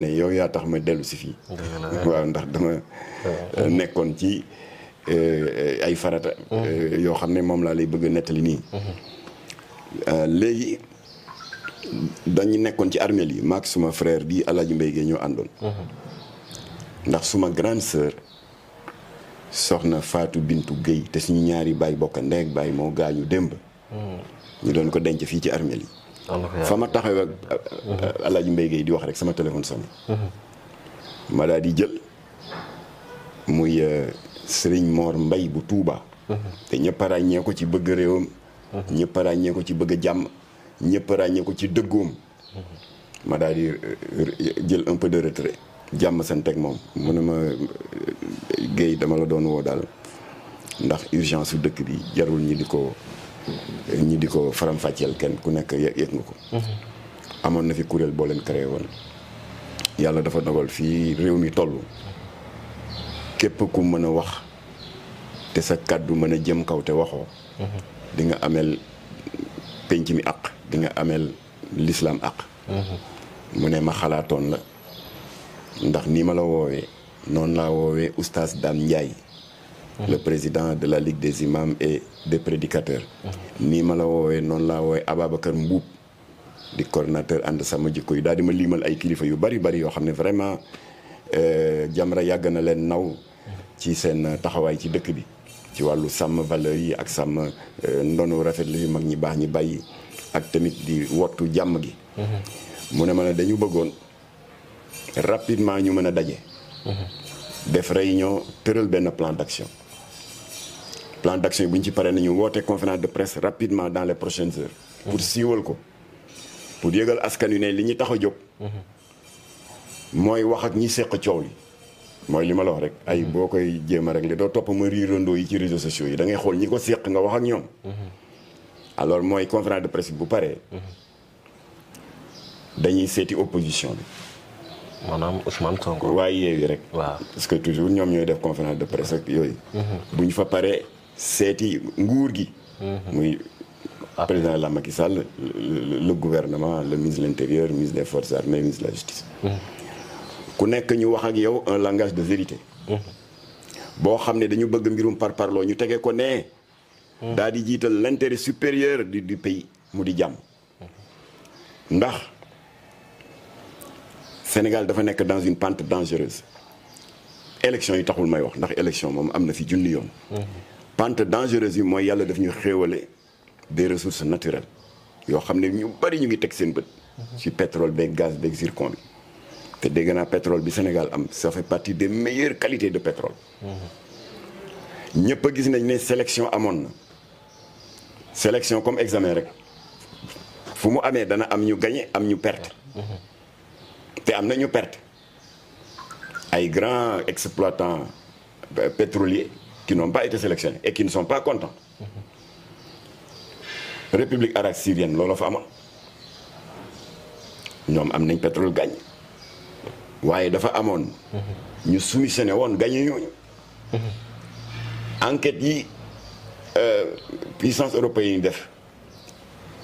ne yooyu yaa tax ma dellu si fii. waaw ndax dama euh, nekkoon ci euh, ay farata. Mm-hmm. yoo xam ne moom laa lay bëgg nettali nii. Mm-hmm. Euh, léegi dañu nekkoon ci armeel yi maak suma frère bi Alaaji Mbay Gey ñoo àndoon. Mm-hmm. ndax suma grande sœur soxna Fatou Bintu Guèye te suñu ñaari baay bokk ndeeg baay moo gaañu démb. ñu doon ko denc fii ci armeel yi. fa ma taxawee ak mhm. Alaaji Mbaye Gueye di wax rek sama téléphone sonné. Mhm. ma daal di jël muy euh, Serigne moor mbay bu tuuba mhm. te ñëpp ràññee ko ci bëgg réewam. ñëpp ràññee ko ci bëgg jàmm. ñëpp ràññee ko ci dëggoom. ma daal euh, jël un de retrait. jàmm sant ak moom mu ne ma euh, Gueye dama la doon woo daal ndax urgence su dëkk bi jarul ñi di ko. ñi di ko faram kenn ku nekk yëg nga ko. Mm-hmm. amoon na fi kuréel boo leen créé woon yàlla dafa dogal fii réew mi toll képp ku mën a wax te sa kàddu mën a jëm kaw te waxoo. Mm-hmm. dinga nga ameel penc mi àq dinga nga ameel lislaam àq. Mm-hmm. mu ne ma xalaatoon la ndax ni ma la woowee noon laa woowee oustaz daan Ndiaye. le président de la ligue des imams et des prédicateurs. nii ma la woowee noonu laa woowee Ababacar Mbuub di kordinateur ànd sama jikko yi daal di ma liimal ay kilifa yu bari bari yoo xam ne vraiment euh, Jamra yàgg na leen naw ci seen taxawaay ci dëkk bi. ci wàllu sàmm valeur yi ak sàmm euh, ndonu rafet la yu mag ñi baax ñi bàyyi ak tamit di wottu jàmm gi. mu ne ma ne dañu bëggoon rapidement ñu mën a daje. Mhm. def réunion tëral benn plan d'action. plan d' action bu ñu ci paree nañu woote conférence de presse rapidement dans les prochaines heures. pour siiwal ko pour yëgal askan wi ne li ñu tax a jóg. mooy wax ak ñi seq coow li mooy li ma la wax rek ay boo koy jéem a rek li doo topp ma riirandoo yi ci réseaux sociaux yi da xool ñi ko seq nga wax ak ñoom. alors mooy conférence de presse bu pare dañuy seeti opposition bi. maanaam Ousmane Sonko. waaye yeewi rek. waaw parce que toujours ñoom ñooy def conférence de presse ak yooyu. Mhm. bu seeti nguur gi. Mhm. muy président la Macky Sall le gouvernement le ministre de l'intérieur ministre des forces armées la justice. Mhm. ku nekk ñu wax ak yow un langage de vérité. Mhm. boo xam ne dañu bëgg mbirum par parloo ñu tegee ko nee. daal di jiital l'intérêt supérieur du du pays mu di jàmm. ndax Sénégal dafa nekk dans une pente dangereuse. élection yi taxul may wax ndax élection moom am na fi junni yoon. pante dangereuse yi mooy yàlla daf ñu xéewale des ressources naturelles yoo xam ne ñu bari ñu ngi teg seen bët. ci pétrole beeg gaz beeg zircon bi. te dégg naa pétrole bi Sénégal am ça fait partie des meilleures qualités de pétrole. ñëpp a gis nañ ne sélection amoon na. sélection comme examen rek fu mu amee dana am ñu gagné am ñu perte. te am na ñu perte. ay grands exploitants euh, pétrolier qui n'ont pas été sélectionnés et qui ne sont pas République arabe syrienne loolu fa amoon ñoom am nañ pétrole gañ waaye dafa amoon. ñu soumissionné woon gañe ñooñu. enquête yi euh, puissance européenne yi def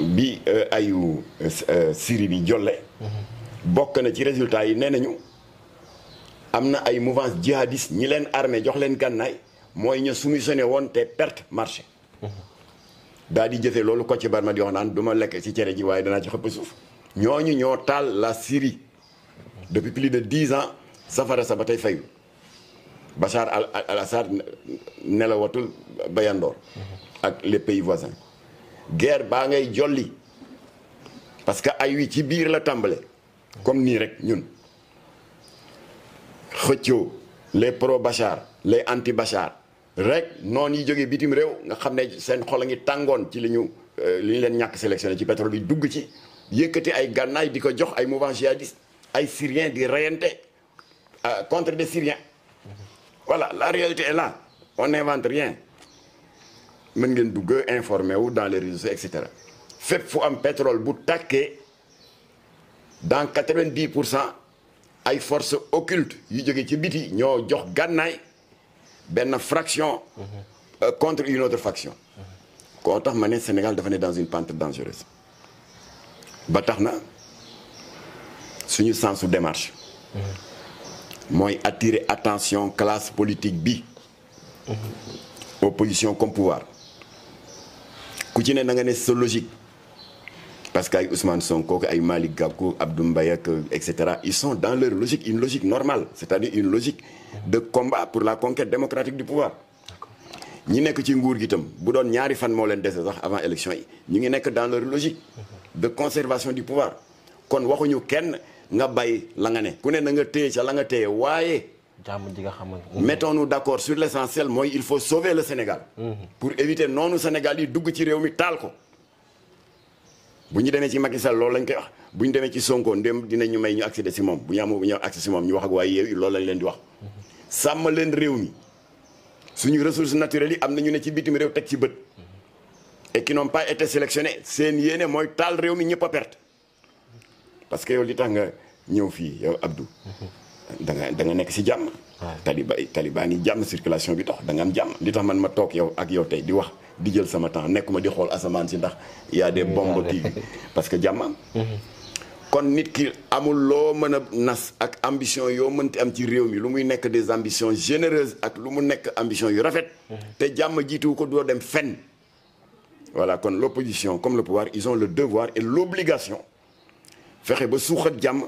bi euh, ayu euh, Syrie bi jolle. bokk na ci résultat yi nee nañu am na ay mouvance jihadiste ñi leen armée jox leen gànnaay. mooy ñu soumissionné woon te perte marché daal di jëfee loolu ko ci bar ma di wax naan du ma lekk ci cere ji waaye danaa ci xëpp suuf ñooñu ñoo taal la Syrie depuis plus de dix ans safara sa ba tey fayu Bachar al-Assad nelawatul bayandoor ak les pays voisins guerre baa ngay jolli parce que ay wi ci biir la tàmbale comme nii rek ñun xëccoo les pro Bachar les anti Bachar rek noonu yi jógee bitim réew nga xam ne seen xol a ngi tàngoon ci li ñu euh, li leen ñàkk sélectionné ci pétrole bi dugg ci yëkkati ay gànnaay di ko jox ay mouvement jihadiste ay syriens di reyante euh, contre de syriens voilà la réalité est là on n'invente rien mën ngeen dugg informé wu dans les réseaux et cetera fépp fu am pétrole bu tàkkee dans quatre vingt pour cent ay force occultes yu jóge ci biti ñoo jox gànnaay benn fraction euh, contre une autre faction koo tax ma ne Sénégal dafa ne dans une pente dangereuse ba tax na suñu sensu démarche mooy attirer attention classe politique bi opposition comme pouvoir ku ci ne na nga ne sa logique parce que ay Ousmane Sonko ay Malick Gakou Abdou Mbaye ak et cetera ils sont dans leur logique une logique normale c'est-à-dire une logique de combat pour la conquête démocratique du pouvoir ñi nekk ci nguur gi tam bu doon ñaari fan moo leen dese sax avant élection yi ñu ngi nekk dans leur logique de conservation du pouvoir kon waxuñu kenn nga bay la nga ne ku ne na nga téye ca la nga téye waaye jàmm ji nga xamante mettons-nous d'accord sur l'essentiel mooy il faut sauver le Sénégal mhm. pour éviter noonu Sénégal yi dugg ci réew mi taal ko bu ñu demee ci Macky Sall lañ ñu may ñu accéder si moom bu ñu bu ñu leen di wax sàmm leen réew mi suñu ressources naturel yi am na ñu ne ci bitim réew teg ci bët et qui n'ont pas été sélectionnés seen yéene mooy taal réew mi ñëpp a perte parce que yow li tax nga ñëw fii yow Abdou. da nga da nga nekk si jàmm. taliba taliban yi jàmm circulation bi tax da jàmm. li tax man ma toog yow ak yow tey di wax di jël sama temps nekkuma di xool asamaan si ndax yaa a des bombes kii parce que jàmmam mm-hmm. kon nit ki amul loo mën a nas ak ambition yoo mënti am ci réew mi lu muy nekk des ambitions généreuses ak lu mu nekk ambition yu rafet mhm. te jàmm jiituwu ko doo dem fen voilà kon l'opposition comme la pouvoir ils ont le devoir et l'obligation fexe ba suuxat jàmm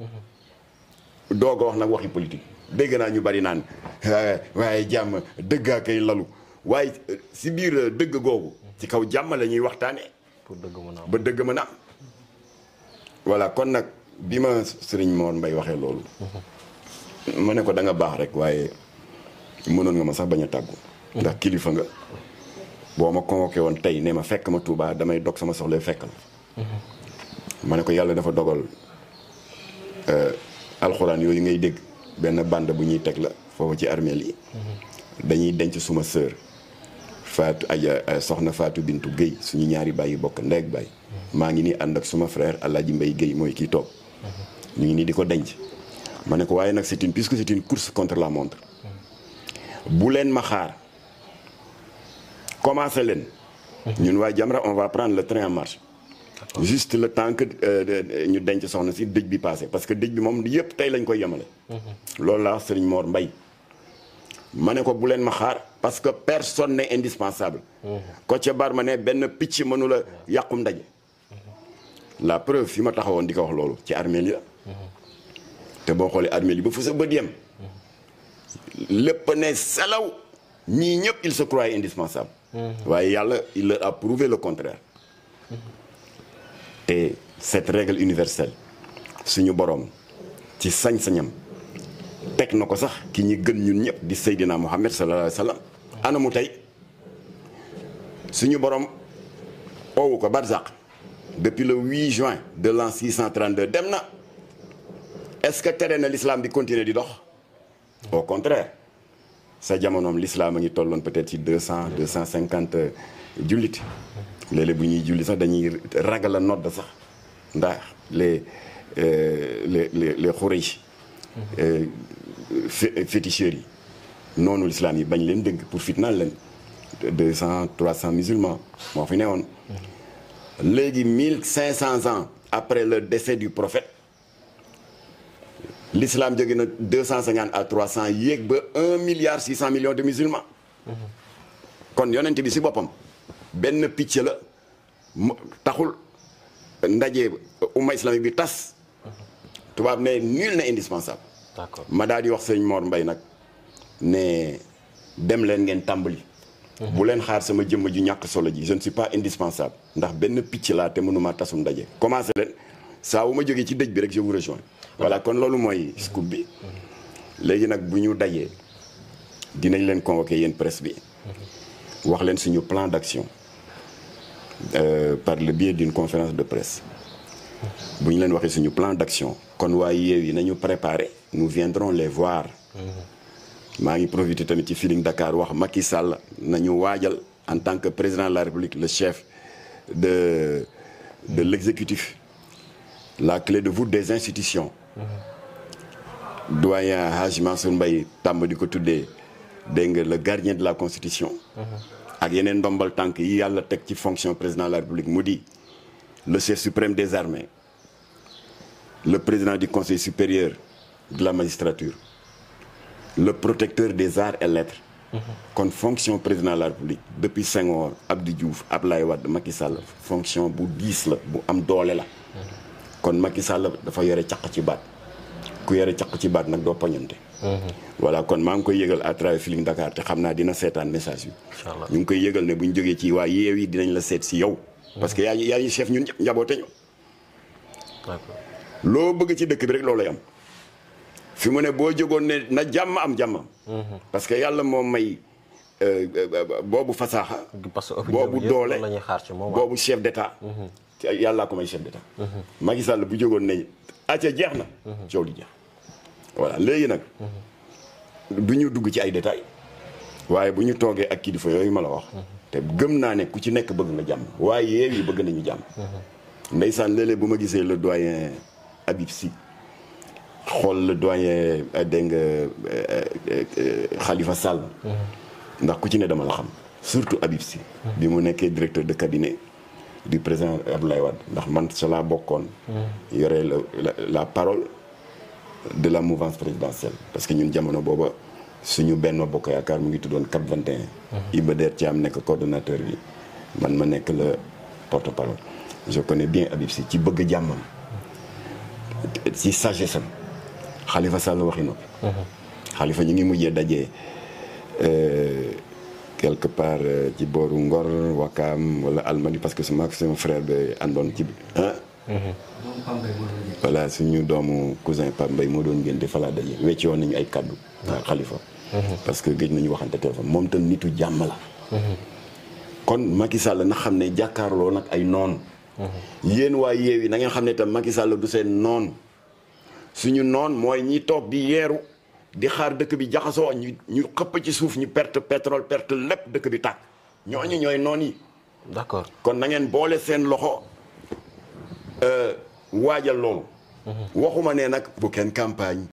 mhm. doog wax nag waxi politique dégg naa ñu bari naan eh, waaye jàmm dëggaa koy lalu waaye euh, si biir euh, dëgg googu ci kaw jàmm la ñuy waxtaane ba dëgg mën a voilà kon nag bi ma sëriñ Mor Mbaye waxee loolu. ma ne ko da nga baax rek waaye mënoon nga ma sax bañ a tàggu. ndax kilifa nga. boo ma convoqué woon tey ne ma fekk ma Touba damay dog sama soxla fekk la. ma ne ko yàlla dafa dogal euh, alxuraan yooyu ngay dégg benn bande bu ñuy teg la foofu ci armeel yi. dañuy denc suma sœur Fatou Aja soxna Fatou Bintu Guèye suñu ñaari baay yu bokk ndeeg baay. maa ngi nii ànd ak suma frère ji Mbay Guèye mooy kii toog ñu ngi nii di ko denc ma ne ko waaye nag c'est une puisque c'est une course contre la montre bu leen ma xaar commencé leen ñun waa Jamra on va prendre le train en marche juste le temps euh, ñu denc soxna si dëj bi passé parce que dëj bi moom yëpp tey lañ koy yemale loolu laa sëriñ Mor Mbay ma ne ko bu leen ma xaar parce que personne n'est indispensable ko ca bar ma ne benn picc mënula yàqum ndaje la preuve fi ma taxawoon di ko wax loolu ci armélie la te boo xoolee yi ba fu sa bët yem lépp ne salaw ñii ñëpp il se croit indispensable waaye yàlla il leur a prouvé le contraire te cette règle universelle suñu boroom ci sañ-sañam teg na ko sax ki ñi gën ñun ñëpp di Seydina Muhammad sallallahu alayhi wa sallam anamu tey suñu boroom oowu ko barzaq depuis le 8 juin de l'an 632 dem na est-ce que tere na l'islam bi continuer di dox au contraire sa jamonoom l'islam a ngi tolloon peut-être deux 200 250 jullit léeg-léeg bu ñuy julli sax dañuy ragal a nodd sax ndax les euh, les les les Quraysh euh, féticheurs yi noonu l'islam yi bañ leen dëgg pour fitnaal leen 200 300 musulmans moo fi ne woon léegi mille cinq cent ans après la décès du prophète l'islam jóge na deux cent cinquante à trois cent yéeg ba un milliard six cent millions de musulmans kon yonent bi si boppam benn picc la taxul ndaje umma islamique bi tas tubaab ne nul n'est indispensable d'accord ma daal di wax sëñ Mor mbay nag ne dem leen ngeen tàmbali bu leen xaar sama jëmm ju ñàkk solo ji je ne suis pas indispensable ndax benn picc laa te mënumaa tasum ndaje commencé leen saa ma jógee ci dëj bi rek je vous rejoins voilà kon loolu mooy scoop bi léegi nag bu ñu dajee dinañ leen convoqué yéen presse bi wax leen suñu plan d'action euh, par le bier d'une conférence de presse bu ñu leen waxee suñu plan d'action kon waaye yeew yi nañu préparer nous viendrons les voir maa ngi profité tamit ci Feeling Dakar wax Macky Sall nañu waajal en tant que président de la République le chef de de l'exécutif la clé de voûte des institutions mm-hmm. doyen Hadj Mansour Mbaye tàmm di ko tuddee dégg nga le gardien de la constitution mm-hmm. ak yeneen ndombal tànk yi yàlla teg ci fonction président de la République mu di le chef suprême des armées le président du conseil supérieur de la magistrature le protecteur des arts et lettres. kon fonction président de la république depuis Senghor Abdou Diouf Ablaye Wade Macky Sall fonction bu diis la bu am doole la. kon Macky Sall dafa yore caq ci baat ku yore caq ci baat nag doo poñante. voilà kon maa ngi koy yëgal à travers Feeling Dakar te xam naa dina seetaan message bi. inchallah ñu ngi koy yëgal ne bu ñu jógee ci waa Yewwi dinañ la seet si yow. parce que yaa ñu yaa ñu chef ñun njaboote ñu. loo bëgg ci dëkk bi rek loolu lay am. fi mu ne boo jógoon ne na jàmm am jàmmam mhm. parce que yàlla moo may euh, boobu fasaaxa boobu doole boobu chef d'état mhm. yàllaa ko may chef d'état mhm. Macky Sall bu jógoon ne acca jeex na coow li jeex voilà léegi nag du dugg ci ay détails waaye bu ñu toogee ak kilifa yooyu ma la wax te gëm naa ne ku ci nekk bëgg nga jàmm waaye yeew yi bëgg nañu jàmm ndeysaan léeg bu ma gisee le doyen Habib Sy xool le doyen euh, dégg nga euh, Khalifa Sall. Mm-hmm. ndax ku ci ne dama la xam. surtout Habib Sy. Mm-hmm. bi mu nekkee directeur de cabinet du président Abdoulaye Wade ndax man ca laa bokkoon. Mm-hmm. yore la la parole de la mouvance présidentielle. parce que ñun jamono booba suñu benn bokk yaakaar mu ngi tuddoon CAP 21. Iba ci am nekk coordonnateur bi man ma nekk la porte parole. je connais bien Habib Sy ci bëgg jàmmam ci sagesse xalifa Sall waxi noppi Khalifa ñu ngi mujjee dajee euh, quelque part euh, ci booru Ngor Wakaam wala Almadi parce que sama sama frère bi àndoon ci bi voilà suñu doomu cousin Pape moo doon ngénte fa laa daje wecce ay kàddu Khalifa parce que gëj nañu waxante moom tam nitu jàmm la kon na xam ne jàkkaarloo nag ay noon yéen waa yeew yi na ngeen xam ne tam Macky Sall du seen noon suñu noon mooy ñi toog bi yeeru di xaar dëkk bi jaxasoo ñu ñu xëpp ci suuf ñu perte pétrole perte lépp dëkk bi tàkk ñooñu ñooy noon yi. d'accord kon na ngeen boole seen loxo euh, waajal loolu. Mhm. waxuma ne nag bu kenn campagne